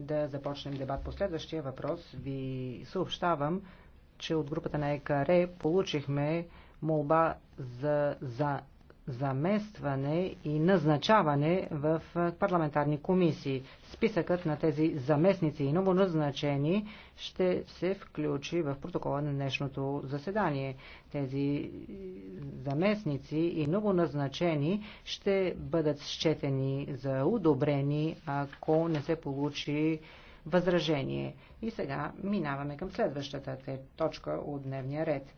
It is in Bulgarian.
да започнем дебат по следващия въпрос, ви съобщавам, че от групата на ЕКАРЕ получихме молба за, за заместване и назначаване в парламентарни комисии. Списъкът на тези заместници и новоназначени ще се включи в протокола на днешното заседание. Тези заместници и новоназначени ще бъдат счетени за удобрени, ако не се получи възражение. И сега минаваме към следващата точка от дневния ред.